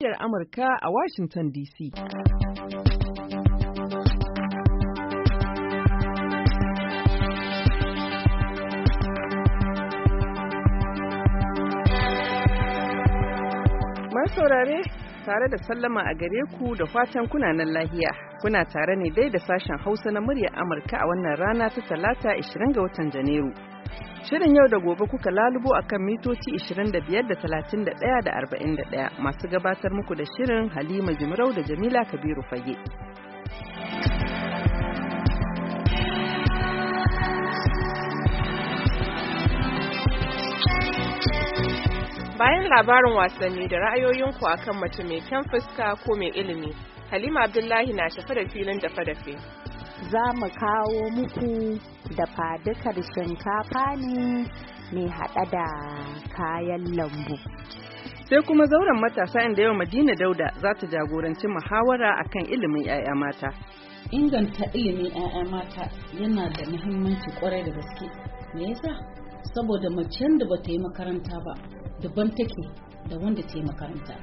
muryar Amurka a Washington DC. saurare tare da sallama a gare ku da fatan kunanan lahiya. Kuna tare ne dai da sashen Hausa na muryar Amurka a wannan rana ta Talata 20 ga watan Janairu. Shirin yau da gobe kuka lalubo a kan mitoci 25 da 31 da 41 masu gabatar muku da shirin Halima Jimrau da Jamila Kabiru Fage. Bayan labarin wasanni da ra'ayoyinku akan mace mai kyan fuska ko mai ilimi, Halima Abdullahi na tafi da filin da dafe Za mu kawo muku da fadukar shinkafa ne mai haɗa da kayan lambu. Sai kuma zauren matasa inda yau Madina Dauda za ta jagoranci muhawara a kan ilimin 'ya'ya mata. Inganta ilimin 'ya'ya mata yana da muhimmanci kwarai da gaske. Me yasa? Saboda macen da ba ta yi makaranta ba, daban take da wanda ta yi makaranta.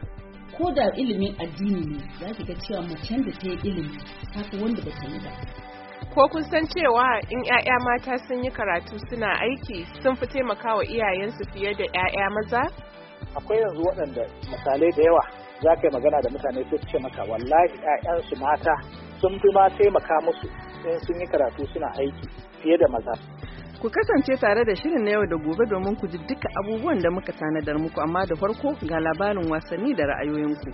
ko da ilimin addini ne za ki ga cewa macen da ta yi ilimi ta fi wanda ba ta yi ba ko kun san cewa in 'ya'ya mata sun yi karatu suna aiki sun fi taimaka wa iyayensu fiye da 'ya'ya maza akwai yanzu waɗanda misalai da yawa za ka yi magana da mutane sai ce maka wallahi 'ya'yansu mata sun fi ma taimaka musu in sun yi karatu suna aiki fiye da maza Ku kasance tare da shirin na yau da gobe domin ku ji duka abubuwan da muka tanadar muku amma da farko ga labarin wasanni da ra'ayoyinku.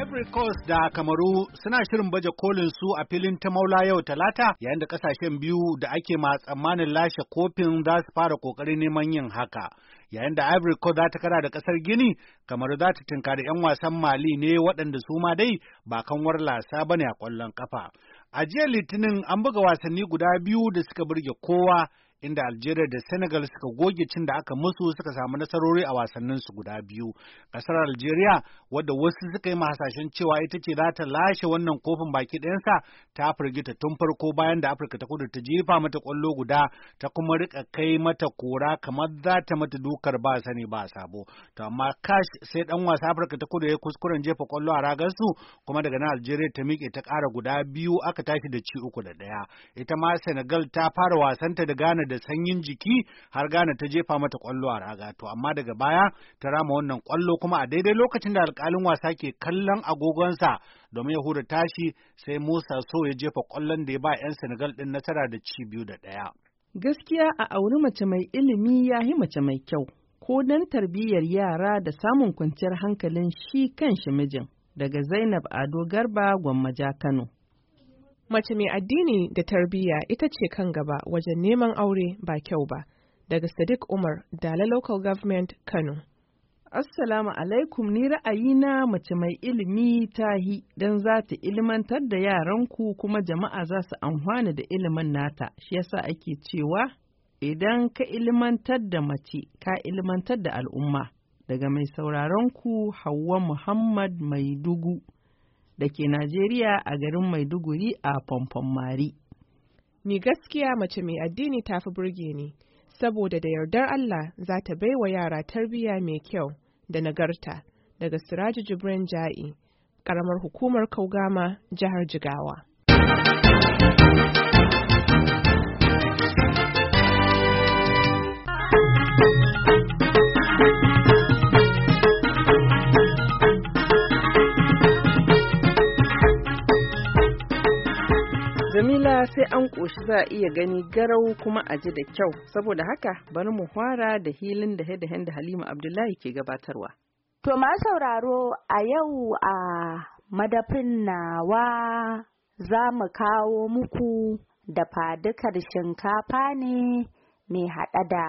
Ivory Coast da Kamaru suna shirin baje kolin su a filin ta maula yau talata yayin da kasashen biyu da ake ma tsammanin lashe kofin za su fara kokarin neman yin haka. Yayin da Ivory Coast za ta kara da kasar Gini, Kamaru za ta tunkari 'yan wasan Mali ne waɗanda su ma dai ba kanwar lasa bane a ƙwallon kafa. A jiya Litinin an buga wasanni guda biyu da suka burge kowa inda Algeria da Senegal suka goge cin da aka musu suka samu nasarori a wasannin su guda biyu. Kasar Algeria wadda wasu suka yi hasashen cewa ita ce za ta lashe wannan kofin baki ɗayansa ta firgita tun farko bayan da Afirka ta kudu ta jefa mata ƙwallo guda ta kuma rika kai mata kora kamar za ta mata dukar ba sani ba sabo. To amma kash sai ɗan wasa Afirka ta kudu ya kuskuren jefa ƙwallo a ragar su kuma daga nan Algeria ta miƙe ta ƙara guda biyu aka tashi da ci uku da ɗaya. Ita ma Senegal ta fara wasanta da Ghana da da sanyin jiki har gane ta jefa mata kwallo a raga to amma daga baya ta rama wannan kwallo kuma a daidai lokacin da alkalin wasa ke kallon agogonsa domin ya hura tashi sai Musa So ya jefa kwallon da ya ba 'yan Senegal din nasara da ci biyu da ɗaya. Gaskiya a auri mace mai ilimi ya yi mace mai kyau, ko dan tarbiyyar yara da samun kwanciyar hankalin shi kan shi mijin daga Zainab Ado Garba Gwammaja Kano. Mace mai addini da tarbiyya ita ce kan gaba wajen neman aure ba kyau ba. Daga Sadiq Umar, Dala Local Government, Kano. Assalamu alaikum ni ra'ayina mace mai ilimi tahi don za ta ilimantar da yaranku kuma jama'a za su amfana da ilimin nata. Shi yasa ake cewa idan ka ilimantar da mace ka ilimantar da al'umma. Daga mai sauraronku Hauwa Muhammad Maidugu. da ke Najeriya a garin Maiduguri a Mari. Ni gaskiya mace mai addini ta fi burge ni, saboda da yardar Allah za ta baiwa yara tarbiyya mai kyau da nagarta daga Siraju Jibrin Ja'i, ƙaramar hukumar Kaugama, jihar Jigawa. sai an ƙoshi za a iya gani garau kuma a ji da kyau. Saboda haka bari mu fara da hilin da da Halima Abdullahi ke gabatarwa. To ma sauraro a yau a madafin nawa za mu kawo muku da fadukar shinkafa ne mai haɗa da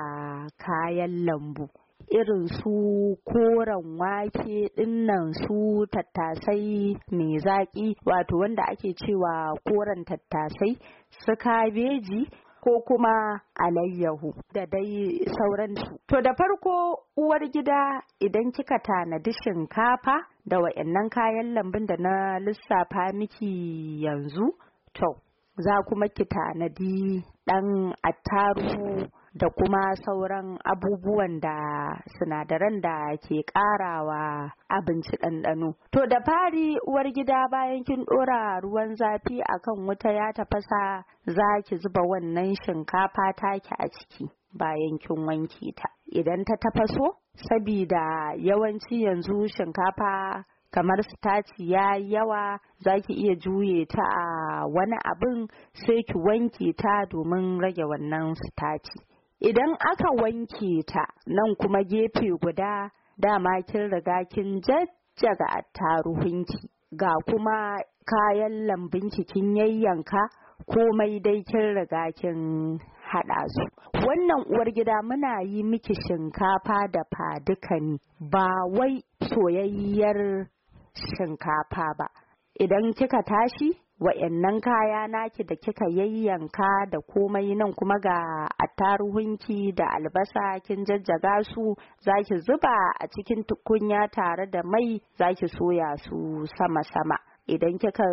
kayan lambu. irin su koren wake dinnan su tattasai mai zaƙi wato wanda ake cewa koren tattasai su kabeji ko kuma alayyahu da dai sauransu. To da farko uwar gida idan kika tanadi shinkafa da wa'annan kayan lambun da na lissafa miki yanzu, to za kuma ki tanadi ɗan attarugu. da kuma sauran abubuwan da sinadaran da ke ƙarawa abinci ɗanɗano. To da fari uwar gida bayan kin ɗora ruwan zafi akan wuta ya tafasa za ki zuba wannan shinkafa taki a ciki bayan kin wanke ta. Idan ta tafaso, sabida yawanci yanzu shinkafa kamar sitaci ya yawa za ki iya juye ta a wani abin sai ki wanke ta domin rage wannan sitaci idan aka wanke ta nan kuma gefe guda dama kin riga kin jajjaga attaruhunki ga kuma kayan lambunki kin yayyanka komai dai kin riga kin haɗa su wannan uwar gida muna yi miki shinkafa da faduka ne ba wai soyayyar shinkafa ba idan kika tashi wa'annan kaya naki da kika yayyanka da komai nan kuma ga attaruhunki da albasa kin jajjaga su zaki zuba a cikin tukunya tare da mai zaki soya su sama-sama idan kika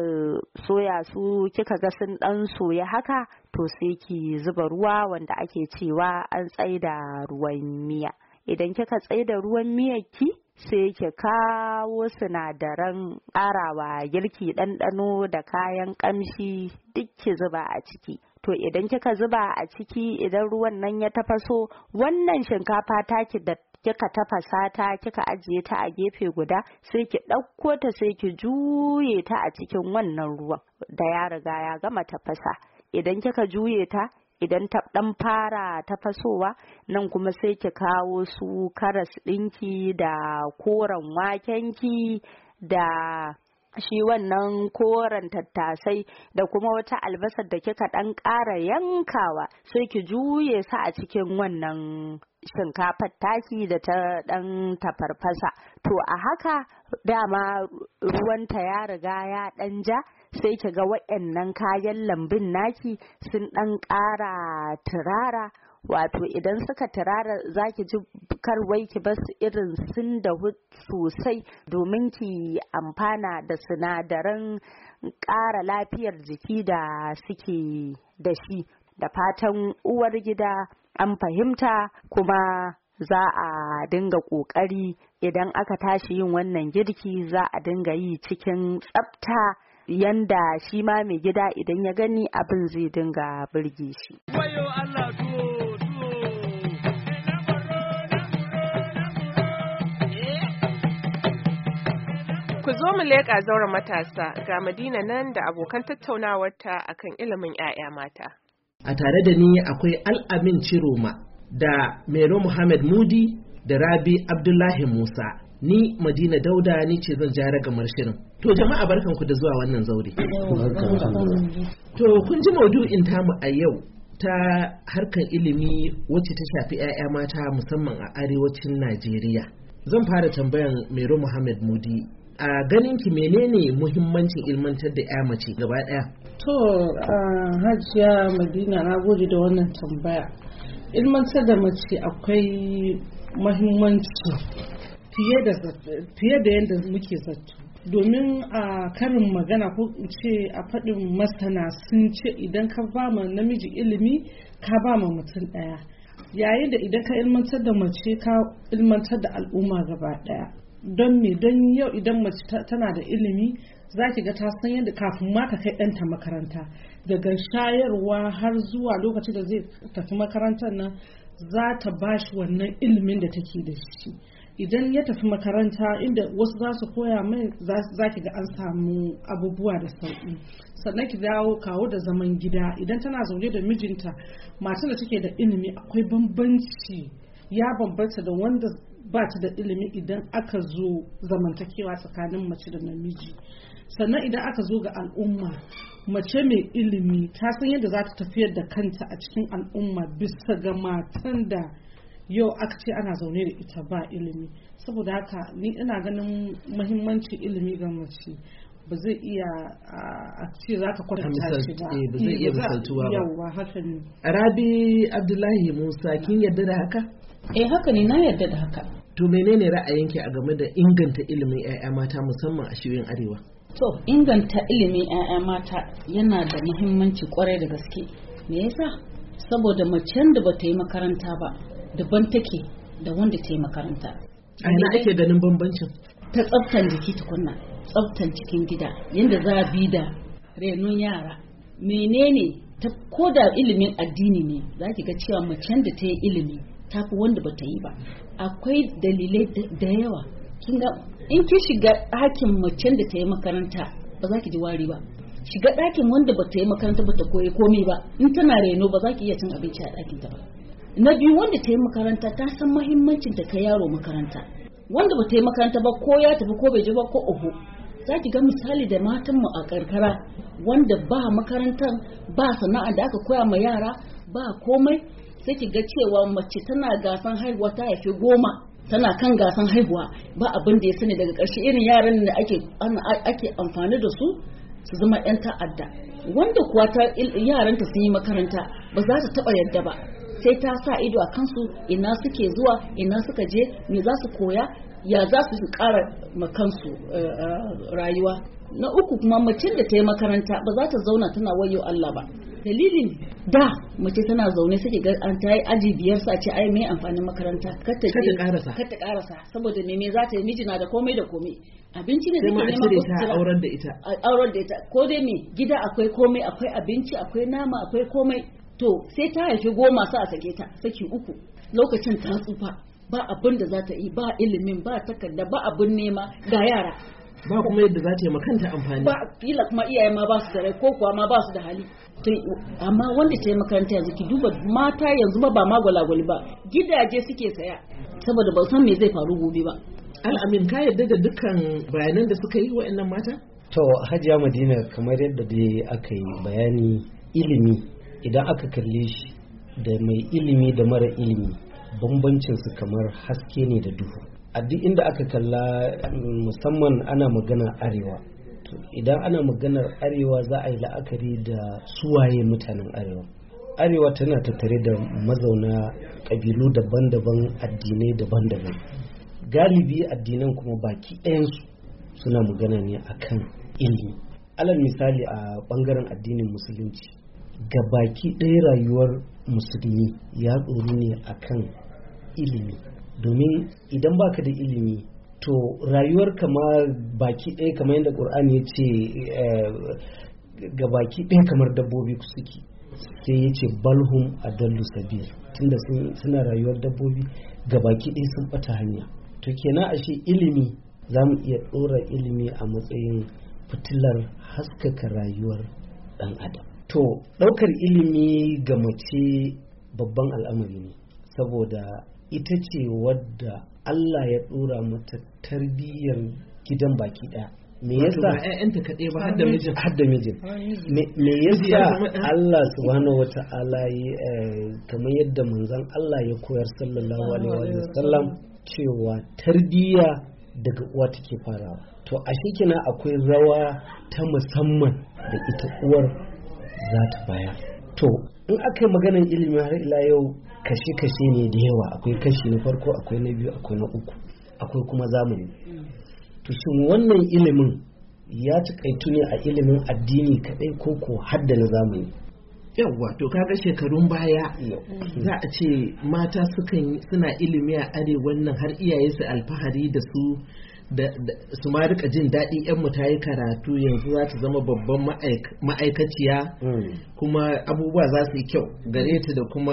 soya su kika ga sun dan soya haka to sai ki zuba ruwa wanda ake cewa an tsaida ruwan miya idan kika tsaye da ruwan miyarki sai ki kawo sinadaran ƙarawa girki ɗanɗano da kayan ƙamshi duk ki zuba a ciki to idan kika zuba a ciki idan ruwan nan ya tafaso wannan shinkafa taki da kika tafasa ta kika ajiye ta a gefe guda sai ki ɗauko ta sai ki juye ta a cikin wannan ruwan da ya riga ya gama tafasa idan kika juye ta idan ta dan fara ta fasowa nan kuma sai ki kawo su karas ɗinki da koren wakenki da shi wannan koren tattasai da kuma wata albasar da kika ɗan ƙara yankawa sai ki juye su a cikin wannan shinkafar taki da ta ɗan tafarfasa to a haka dama ruwanta ya riga ya ɗan ja sai ki ga waɗannan kayan lambun naki sun ɗan ƙara turara wato idan suka turara za ki ji karwai ki su irin sun dahu sosai domin ki amfana da sinadaran ƙara lafiyar jiki da suke da shi da fatan uwar gida an fahimta kuma za a dinga ƙoƙari idan aka tashi yin wannan girki za a dinga yi cikin tsafta yanda shi ma mai gida idan ya gani abin zai dinga birge shi. Ku zo mu leƙa zauren matasa ga Madina nan da abokan tattaunawarta akan ilimin 'ya'ya mata. A tare da ni akwai Al'amin Ciroma da Mero Muhammad Mudi da Rabi Abdullahi Musa. ni madina dauda ni ce zan jara ga shirin to jama'a ku da zuwa wannan zaure to kun ji maudu'in tamu a yau ta harkar ilimi wacce ta shafi 'ya'ya mata musamman a arewacin najeriya zan fara tambayan mero muhammad mudi a ganin ki menene muhimmancin ilmantar da 'ya mace gaba daya to hajiya madina na gode da wannan tambaya ilmantar da mace akwai muhimmanci fiye da yadda muke zato domin a karin magana ko ce a faɗin masana sun ce idan ka ba ma namiji ilimi ka ba ma mutum ɗaya yayin da idan ka ilmantar da mace ka ilmantar da al'umma gaba ɗaya don me don yau idan mace tana da ilimi za ki ga ta san yadda kafin ma ka kai ɗanta makaranta daga shayarwa har zuwa lokacin da zai tafi makarantar nan za ta bashi wannan ilimin da take da shi idan ya tafi makaranta inda wasu za su koya mai za ki ga an samu abubuwa da sauƙi sannan ki dawo kawo da zaman gida idan tana zaune da mijinta matan da take da ilimi akwai bambanci ya bambanta da wanda ba ta da ilimi idan aka zo zamantakewa tsakanin mace da namiji sannan idan aka zo ga al'umma mace mai ilimi ta san yadda za ta tafiyar da kanta a cikin al'umma bisa ga matan da yau aka ce ana zaune da ita ba ilimi saboda haka ni ina ganin mahimmancin ilimi ga mace ba zai iya a ce za ka kwatanta shi ba eh, ba zai iya eh, misaltuwa ba haka ne rabi abdullahi musa kin yadda da haka eh haka ne na yadda da haka to menene ra'ayinki a game da inganta ilimin 'ya'ya mata musamman a shirin arewa to inganta ilimin 'ya'ya mata yana da muhimmanci kwarai da gaske me yasa saboda macen da bata yi makaranta ba daban take da wanda ta yi makaranta a ina ake ganin bambancin ta tsaftan jiki tukunna tsaftan cikin gida yadda za a bi da renon yara menene ta koda ilimin addini ne za ki ga cewa macen da ta yi ilimi ta fi wanda ba ta yi ba akwai dalilai da yawa kinga in ki shiga ɗakin macen da ta yi makaranta ba za ki ji wari ba shiga ɗakin wanda ba ta yi makaranta ba ta koyi komai ba in tana reno ba za ki iya cin abinci a ɗakin ta ba na biyu wanda ta yi makaranta ta san mahimmancin ta kai yaro makaranta wanda ba ta yi makaranta ba ko ya tafi ko bai je ba ko oho za ki ga misali da matan mu a karkara wanda ba makarantar ba sana'a da aka koya ma yara ba komai sai ki ga cewa mace tana gasan haihuwa ta haifi goma tana kan gasan haihuwa ba abin da ya sani daga ƙarshe irin yaran da ake ake amfani da su su zama 'yan ta'adda wanda kuwa yaranta sun yi makaranta ba za ta taɓa yadda ba sai ta sa ido a kansu ina suke zuwa ina suka je me za su koya ya za su kara makansu eh, eh, rayuwa na uku kuma macin da ta yi makaranta ba za ta zauna tana wayo Allah ba dalilin da mace tana zaune suke ga an ta yi aji biyar sa ce ai mai amfanin makaranta kar ta karasa kar ta karasa saboda me me za ta yi mijina da komai da komai abinci ne take nema ko ta aurar da ita aurar da ita ko dai me gida akwai komai akwai abinci akwai nama akwai komai to sai ta haifi goma sa a sake ta saki uku lokacin ta tsufa ba abin da za ta yi ba ilimin ba takarda ba abin nema ga yara ba kuma yadda za ta yi makanta amfani ba kila kuma iyaye ma ba su da rai ko kuwa ma ba su da hali amma wanda ta yi makaranta yanzu ki duba mata yanzu ba ba ma gwalagwali ba gidaje suke saya saboda ba san me zai faru gobe ba al'amin ka yarda da dukkan bayanan da suka yi wa'annan mata to hajiya madina kamar yadda dai aka yi bayani ilimi idan aka kalle shi da mai ilimi da mara ilimi bambancinsu kamar haske ne da duhu a duk inda aka kalla musamman ana magana arewa to idan ana maganar arewa za a yi la'akari da suwaye mutanen arewa arewa tana tattare da mazauna ƙabilu daban-daban addinai daban-daban galibi addinan kuma baki ɗayansu suna magana ne akan ilimi alal misali a ɓangaren addinin musulunci Ga baki ɗaya rayuwar musulmi ya ɗoru ne akan ilimi domin idan baka da ilimi to rayuwar kama baki ɗaya kamar yadda ƙur'ani ya ce eh, ga baki ɗaya kamar dabbobi suke sai ya ce balhum a dallu tun tunda suna rayuwar dabbobi ga baki ɗaya sun ɓata hanya to kenan ashe ilimi za mu iya ɗora ilimi a matsayin fitilar haskaka rayuwar ɗan adam to ɗaukar ilimi ga mace babban al'amari ne saboda ita ce wadda Allah ya ɗora mata tarbiyyar gidan baki ɗaya me yasa ƴaƴanta kaɗai ba har da mijin har da mijin me yasa Allah subhanahu ta'ala eh, kamar yadda manzon Allah ya koyar sallallahu alaihi wa sallam cewa tarbiyya daga uwa take farawa to ashe kina akwai rawa ta musamman da ita uwar za ta bayar to in aka yi maganar ilimi har ila yau kashe-kashe ne da yawa akwai kashi na farko akwai na biyu akwai na uku akwai kuma zamani to shin wannan ilimin ya kaitu ne a ilimin addini kaɗai ko ko hadda na zamani yawwa to kaga shekarun baya za a ce mata sukan suna ilimi a arewan nan har iyaye su alfahari da su su ma rika jin daɗi yan mu ta yi karatu yanzu za ta zama babban ma'aikaciya hmm. kuma abubuwa za su yi kyau gare ta da kuma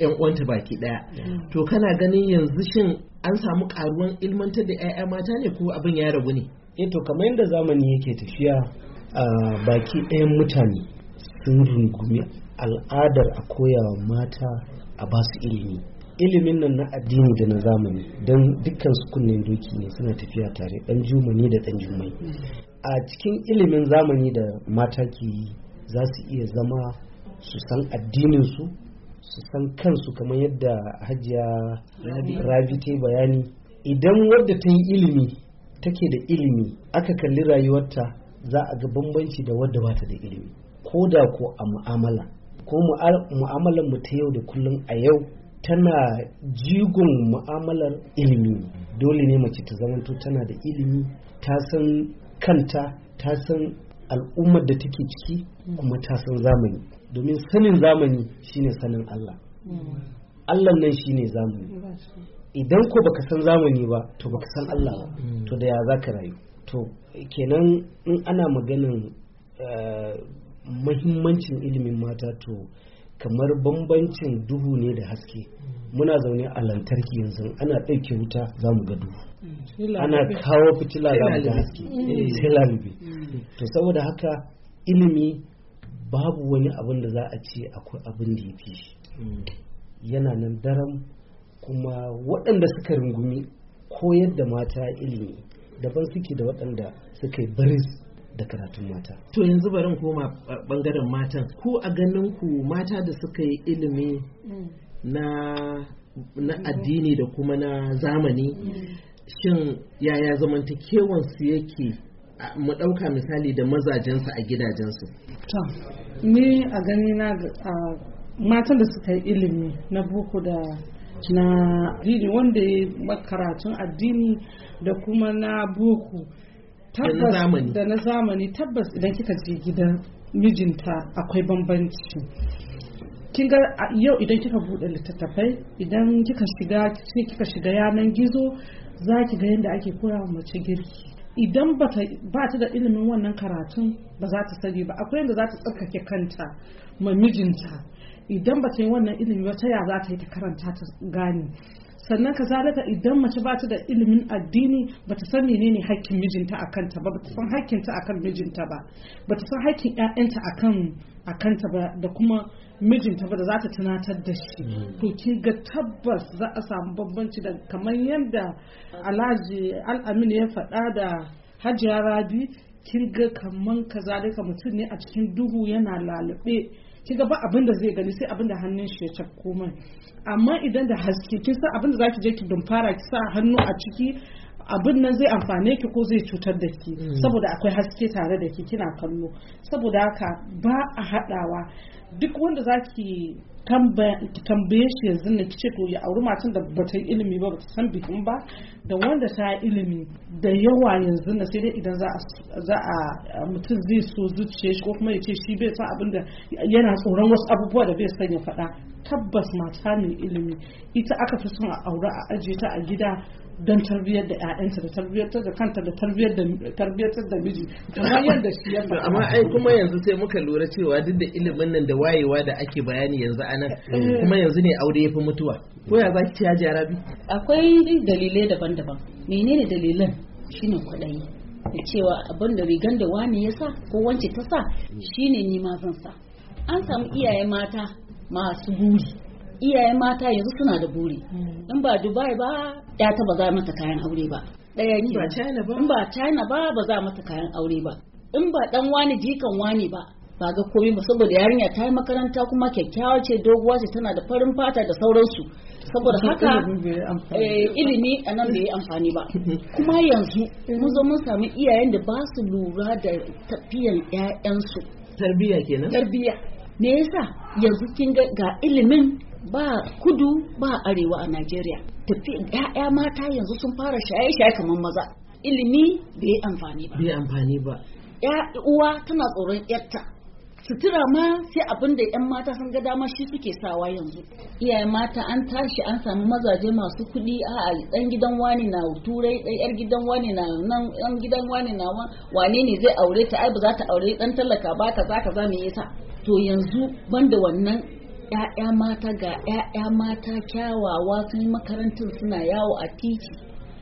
yan uwanta baki ɗaya. Hmm. to kana ganin yanzu shin an samu karuwan ilmantar da 'ya'ya mata ne ko abin ya ragu ne eh to kamar yadda zamani yake tafiya baki ɗayan mutane sun rungumi al'adar a koyawa mata a basu ilimi ilimin nan na addini da na zamani don dukkan su kunnen doki ne suna tafiya tare dan jumani da dan jumai a cikin ilimin zamani da mata ke yi za su iya zama su san addinin su su san kansu kamar yadda hajiya rabi ta bayani idan wadda ta yi ilimi take da ilimi aka kalli rayuwarta za a ga bambanci da wadda bata da ilimi ko da ko a mu'amala ko mu'amalar mu ta yau da kullum a yau tana jigon mu'amalar ilimi dole ne mace ta zamanto tana da ilimi ta san kanta ta san al'ummar da take ciki kuma ta san zamani domin sanin zamani shine sanin Allah mm. Allah nan shine zamani idan ko baka san zamani ba to baka san Allah ba mm. to da ya zaka rayu to kenan in ana maganin eh, mahimmancin ilimin mata to kamar bambancin duhu ne da haske muna zaune a lantarki yanzu ana ɗauke wuta za mu ga duhu ana kawo fitila za mu ga haske sai lalube to saboda haka ilimi babu wani abin da za a ce akwai abin da ya fi yana nan daram kuma waɗanda suka rungumi koyar da mata ilimi daban suke da waɗanda suka yi baris da karatun mata to yanzu bari koma uh, bangaren matan ko a ganin ku mata da suka yi ilimi mm. na na mm-hmm. addini da kuma na zamani mm. shin yaya zamantakewan su yake mu ɗauka misali da mazajensu a gidajensu to ni a gani na matan da suka yi ilimi na boko da na addini wanda ya karatun addini da kuma na boko tabbas da na zamani tabbas idan kika je gidan mijinta akwai bambanci kin ga yau idan kika bude littattafai idan kika shiga kika shiga yanan gizo za ki ga yadda ake koya wa mace girki idan ba ta da ilimin wannan karatun ba za ta sani ba akwai yadda za ta tsarkake kanta ma mijinta idan ba ta yi wannan ilimi ba ta ya za ta yi ta karanta ta gane sannan kazalika idan mace ba ta da ilimin addini ba ta san menene haƙƙin mijinta a kanta ba ba ta san a kan mijinta ba ba ta san haƙƙin ƴaƴanta kan a kanta ba da kuma mijinta ba da za ta tunatar da shi mm. to kin ga tabbas za a samu bambanci da kamar yadda alhaji al'amin ya faɗa da hajiya rabi kin ga kaman kazalika mutum ne a cikin duhu yana lalube kiga ba abin da zai gani sai abin da hannun shi ya cakko mai amma idan da haske kin san abin da za ki je ki dumfara ki sa hannu a ciki abin nan zai amfane ki ko zai cutar da ki hmm. saboda akwai haske tare da ki kina kallo saboda haka ba a hadawa duk wanda zaki tambaye shi yanzu na kice to ya auri matan da bata yi ilimi ba ba ta san bikin ba da wanda ta yi ilimi da yawa yanzu na sai dai idan za a mutum zai so zuciya shi ko kuma ya ce shi bai san abin da yana tsoron wasu abubuwa da bai san ya faɗa tabbas mata mai ilimi ita aka fi son a aure a ajiye ta a gida don tarbiyyar da ƴaƴanta da tarbiyyar da kanta da tarbiyyar da tarbiyyar da miji kamar yadda shi ya amma ai kuma yanzu sai muka lura cewa duk da ilimin nan da wayewa da ake bayani yanzu anan eh. kuma yanzu ne aure yafi mutuwa ko ya zaki ci haji arabi akwai dalilai daban-daban menene dalilan shine kwaɗayi da cewa abin da rigan da wani ya sa ko wance ta sa shine ni ma zan sa an samu iyaye mata masu buri Iyayen mata yanzu suna da buri hmm. in ba dubai ba ya ta ba za mata kayan aure ba daya ne ba china ba in ba china ba ba za mata kayan aure ba in ba dan wani jikan wani ba ba ga komai ba saboda yarinya ta yi makaranta kuma kyakkyawa ce doguwa ce tana da farin fata da sauransu saboda haka eh, ilimi a nan bai yi amfani ba kuma yanzu eh. mun zo mun samu iyayen da ba su lura da tafiyan ƴaƴansu. tarbiyya kenan tarbiyya me yasa yanzu kin ga ilimin ba kudu ba arewa a Najeriya. Tafi ‘ya'ya mata yanzu sun fara shaye-shaye kamar maza. Ilimi bai amfani ba. Bai amfani ba. ‘Ya uwa tana tsoron ‘yarta. Sutura ma sai abin da ‘yan mata sun ga dama shi suke sawa yanzu. Iyaye mata an tashi an samu mazaje masu kuɗi a ɗan gidan wani na turai ɗan ‘yar gidan wani na nan ɗan gidan wani na wane ne zai aure ta ai ba za ta aure ɗan talaka ba kaza kaza me yasa. To yanzu banda wannan 'ya'ya mata ga 'ya'ya mata kyawawa sun makarantar suna yawo a titi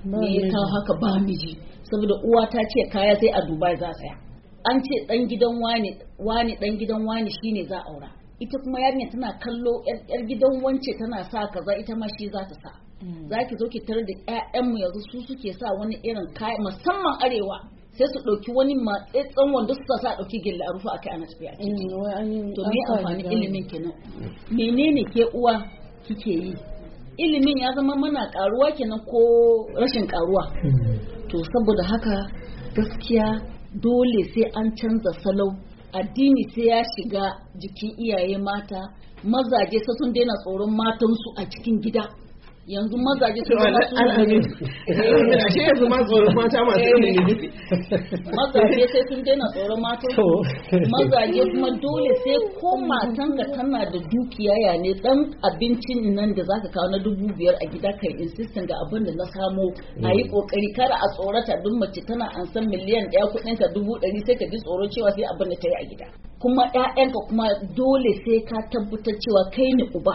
me ya kawo haka ba miji saboda uwa ta ce kaya sai a dubai za saya an ce dan gidan wani wani dan gidan wani shine za aura ita kuma yarinya tana kallo yar gidan wance tana sa kaza ita ma shi za ta sa mm. zaki zo ki tare da ƴaƴanmu yanzu su suke sa wani irin kaya musamman arewa sai su ɗauki wani matsatsen eh, wanda su sa ɗauki gilla a rufa a kai a nasu mm, biya to me amfani ilimin kenan menene ke uwa kike yi ilimin ya zama mana karuwa kenan ko rashin karuwa mm. to saboda haka gaskiya dole sai an canza salau addini sai ya shiga jikin iyaye mata mazaje sai sun daina tsoron matansu a cikin gida yanzu mazaje su zama su ne ashe yanzu ma tsoron mata masu yin ne eh. mazaje sai sun daina tsoron mata mazaje kuma dole sai ko matan ka tana da dukiya ya ne dan abincin nan da zaka kawo na dubu biyar a gida kai insistin ga abin da na samo a yi mm. kokari kar a tsorata duk mace tana an san miliyan daya kudin ka dubu dari sai ka ji tsoro cewa sai abin da ta yi a gida kuma 'ya'yanka kuma dole sai ka tabbatar cewa kai ne uba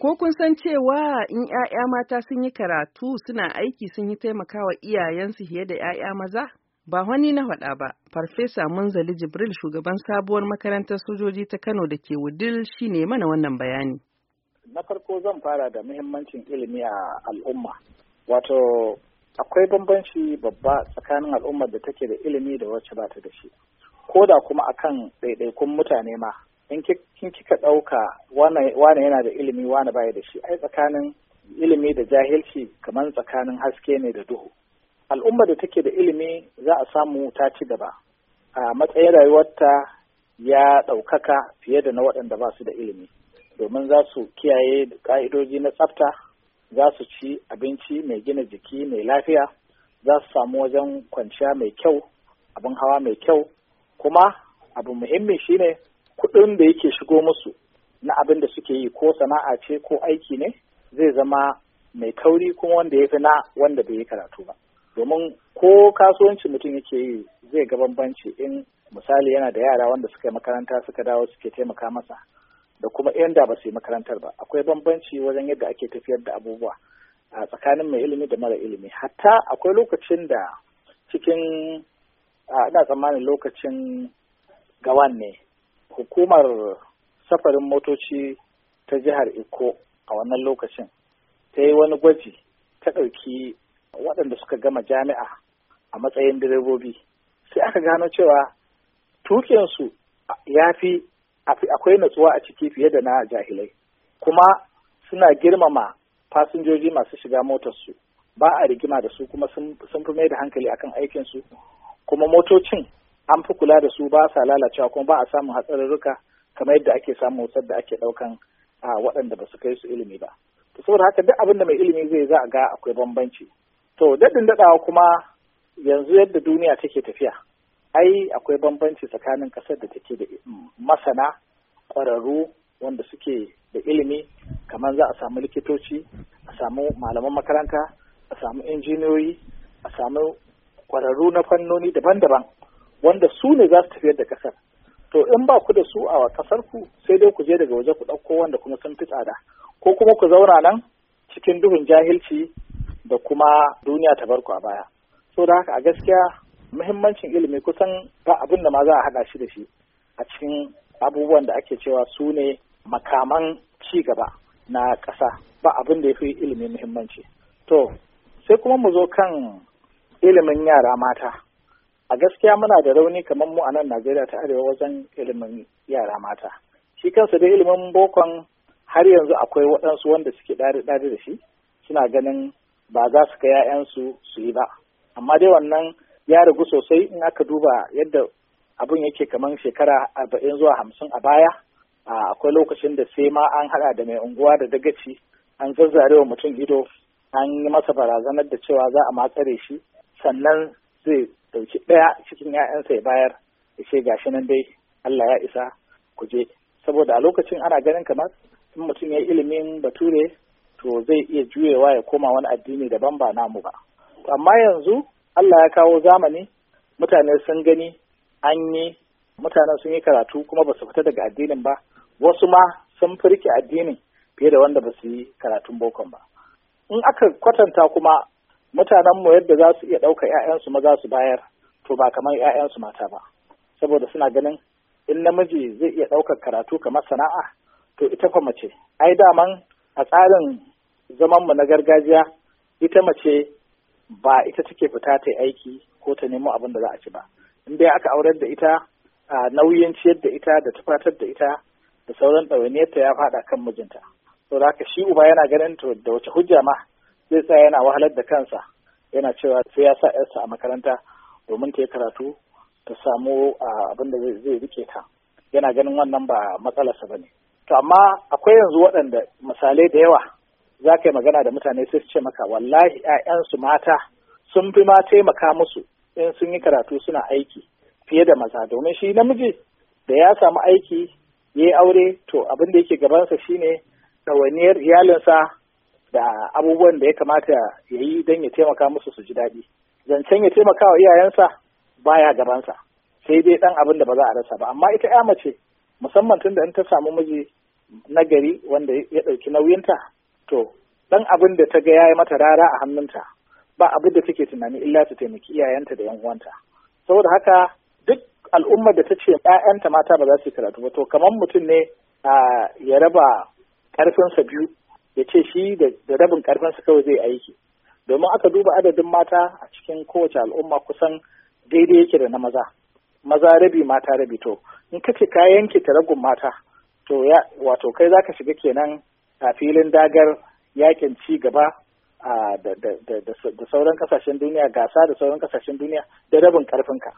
Ko kun san cewa in ‘ya'ya mata sun yi karatu suna aiki sun yi taimakawa iyayensu fiye da ‘ya'ya maza? Ba wani na faɗa ba, Farfesa Munzali Jibril shugaban sabuwar makarantar sojoji ta Kano da ke Wudil shi ne mana wannan bayani. Na farko zan fara da muhimmancin ilimi a al'umma. Wato, akwai bambanci babba tsakanin al'ummar da take da ilimi da wacce ba ta da shi. Ko da kuma akan ɗaiɗaikun mutane ma, in kika ɗauka wane yana da ilimi wane baya da shi ai tsakanin ilimi da jahilci kamar tsakanin haske ne da duhu al'umma da take da ilimi za a samu ta ci gaba a matsayin rayuwarta ya ɗaukaka fiye da na waɗanda ba su da ilimi domin za su kiyaye ƙa'idoji na tsafta za su ci abinci mai gina jiki mai lafiya za su samu wajen kwanciya mai kyau abin hawa mai kyau kuma abu muhimmi shine kuɗin da yake shigo musu na abin da suke yi ko sana'a ce ko aiki ne zai zama mai kauri kuma wanda ya fi na wanda bai yi karatu ba domin ko kasuwanci mutum yake yi zai ga bambanci in misali yana da yara wanda suka yi makaranta suka dawo suke taimaka masa da kuma yan da ba su yi makarantar ba akwai bambanci wajen yadda ake tafiyar da abubuwa a tsakanin mai ilimi da mara ilimi hatta akwai lokacin da cikin ina tsammanin lokacin gawan ne hukumar safarin motoci ta jihar Eko a wannan lokacin ta yi wani gwaji ta ɗauki waɗanda suka gama jami'a a matsayin direbobi sai aka gano cewa tukinsu ya fi akwai natsuwa a ciki fiye da na jahilai kuma suna girmama fasinjoji masu shiga motarsu ba a rigima da su kuma sun fi mai da hankali akan aikinsu kuma motocin an fi kula da su ba sa lalacewa kuma ba a samun hatsarurruka kamar yadda ake samun wutar da ake ɗaukan a waɗanda ba su kai su ilimi ba to saboda haka duk abin da mai ilimi zai za a ga akwai bambanci to daɗin daɗawa kuma yanzu yadda duniya take tafiya ai akwai bambanci tsakanin ƙasar da take da masana ƙwararru wanda suke da ilimi kamar za a samu likitoci a samu malaman makaranta a samu injiniyoyi a samu ƙwararru na fannoni daban-daban wanda su ne za su tafiyar da kasar to in ba ku da su a kasar ku sai dai ku je daga waje ku ɗauko wanda kuma sun fi tsada ko kuma ku zauna nan cikin duhun jahilci da kuma duniya ta barku a baya so da haka a gaskiya muhimmancin ilimi kusan ba abin da ma za a haɗa shi da shi a cikin abubuwan da ake cewa su ne makaman ci gaba na ƙasa ba abin da ya fi ilimi muhimmanci to sai kuma mu zo kan ilimin yara mata a gaskiya muna da rauni kamar mu a nan najeriya ta arewa wajen ilimin yara mata shi kansa da ilimin bokon har yanzu akwai waɗansu wanda suke ɗari-ɗari da shi suna ganin ba za su kai 'ya'yansu su yi ba amma dai wannan ya ragu sosai in aka duba yadda abun yake kamar shekara arba'in zuwa hamsin a baya akwai lokacin da sai ma an haɗa da mai unguwa da dagaci an zazzare wa mutum ido an yi masa barazanar da cewa za a matsare shi sannan zai ɗauki ɗaya cikin 'ya'yansa ya bayar ya ce gashi nan dai Allah ya isa ku je saboda a lokacin ana ganin kamar in mutum ya yi ilimin bature to zai iya juyewa ya koma wani addini daban ba namu ba amma yanzu Allah ya kawo zamani mutane sun gani an yi mutanen sun yi karatu kuma ba su fita daga addinin ba wasu ma sun firke addinin fiye da wanda ba su yi karatun bokon ba in aka kwatanta kuma mutanen mu yadda za su iya ɗaukar 'ya'yansu maza su bayar to ba kamar 'ya'yansu mata ba saboda suna ganin in namiji zai iya ɗaukar karatu kamar sana'a to ita fa mace ai daman a tsarin zaman mu na gargajiya ita mace ba ita take fita ta aiki ko ta nemo abin da za a ci ba in dai aka aurar da ita a nauyin ciyar da ita da tufatar da ita da sauran ɗawainiyarta ya faɗa kan mijinta to da shi uba yana ganin to da wace hujja ma zai sa yana wahalar da kansa yana cewa sai ya sa yarsa a makaranta domin ta yi karatu ta samu abin da zai rike ta yana ganin wannan ba matsalarsa ba ne to amma akwai yanzu waɗanda misalai da yawa za ka yi magana da mutane sai su ce maka wallahi 'ya'yansu mata sun fi ma taimaka musu in sun yi karatu suna aiki fiye da maza domin shi namiji da ya samu aiki ya yi aure to abin da yake gabansa shine ɗawainiyar iyalinsa da abubuwan da ya kamata ya yi don ya taimaka musu su ji daɗi zancen ya taimaka wa iyayensa baya gabansa sai dai ɗan abin da ba za a rasa ba amma ita ya mace musamman tun da in ta samu miji na gari wanda ya ɗauki nauyinta to ɗan abin da ta ga ya yi mata rara a hannunta ba abin da take tunani illa ta taimaki iyayenta da 'yan uwanta saboda haka duk al'ummar da ta ce 'ya'yanta mata ba za su yi karatu ba to kamar mutum ne ya raba ƙarfinsa biyu ya ce shi da rabin karfinsa kawai zai aiki domin aka duba adadin mata a cikin kowace al'umma kusan daidai yake da na maza maza rabi mata rabi to in ka ce ka yanke ragun mata to ya wato kai zaka shiga kenan a filin dagar yakin ci gaba da sauran kasashen duniya gasa da sauran kasashen duniya da rabin karfinka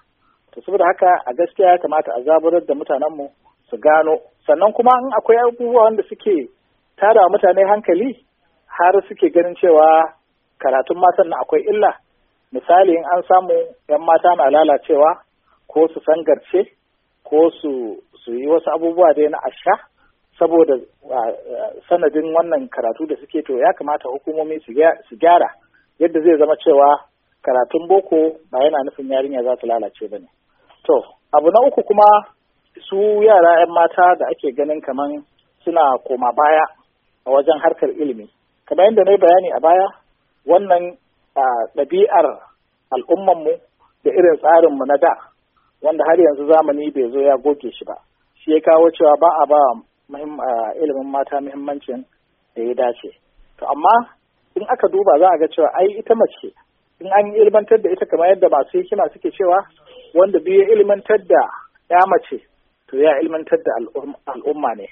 to saboda haka a gaskiya ya kamata a zaburar da mutanenmu su gano sannan kuma in akwai abubuwa wanda suke tada wa mutane hankali har suke ganin cewa karatun matan na akwai illa misali in an samu 'yan mata na lalacewa ko su sangarce ko su su yi wasu abubuwa dai na asha saboda sanadin wannan karatu da suke to ya kamata hukumomi su gyara yadda zai zama cewa karatun boko ba yana nufin yarinya za ta lalace ba ne to abu na uku kuma su yara 'yan mata da ake ganin kaman suna koma baya a wajen harkar ilimi kamar yadda na yi bayani a baya wannan ɗabi'ar al'ummanmu da irin tsarinmu na da wanda har yanzu zamani bai zo ya goge shi ba shi ya kawo cewa ba a ba ilimin mata muhimmancin da ya dace to amma in aka duba za a ga cewa ai ita mace in an yi ilmantar da ita kamar yadda masu hikima suke cewa wanda biyu ya ilmantar da ya mace to ya ilmantar da al'umma ne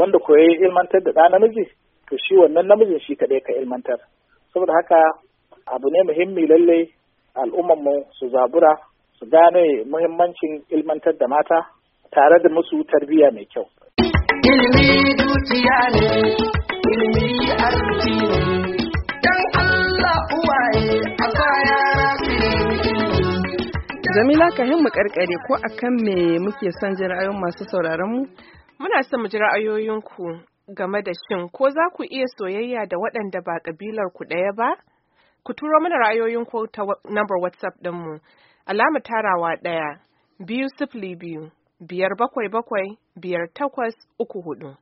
wanda koyi ilmantar da ɗa namiji to shi wannan namijin shi kaɗai ka ilmantar saboda haka abu ne muhimmi lallai mu su zabura su gane muhimmancin ilmantar da mata tare da musu tarbiyya mai kyau. Ilmi dukiya ne, ilmi arziki ne, Allah uwaye a baya Jamila ka mu karkare ko akan me muke son jin masu sauraron mu Muna son mu ji ra'ayoyinku game da shin ko za ku iya soyayya da waɗanda ba ƙabilar ku ɗaya ba? Ku turo mana ra'ayoyinku ta nambar WhatsApp ɗinmu. Alamar tarawa ɗaya, biyu sifili biyu, biyar bakwai bakwai, biyar takwas, uku hudu.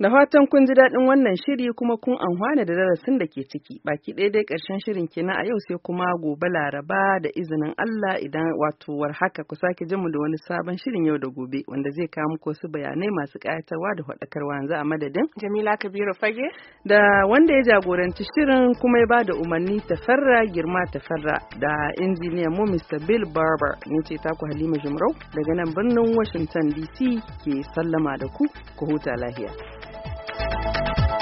Da fatan kun ji daɗin wannan shiri kuma kun amfana da darasin da ke ciki. Baki ɗaya dai ƙarshen shirin kenan a yau sai kuma gobe Laraba da izinin Allah idan wato war haka ku sake jinmu da wani sabon shirin yau da gobe wanda zai kawo muku wasu bayanai masu ƙayatarwa da faɗakarwa yanzu a madadin. Jamila Kabiru Fage. Da wanda ya jagoranci shirin kuma ya bada umarni tafarra girma tafarra da injiniyan mu Mr. Bill Barber ne ce taku Halima Jumrau daga nan birnin Washington DC ke sallama da ku ku huta lahiya. なるほど。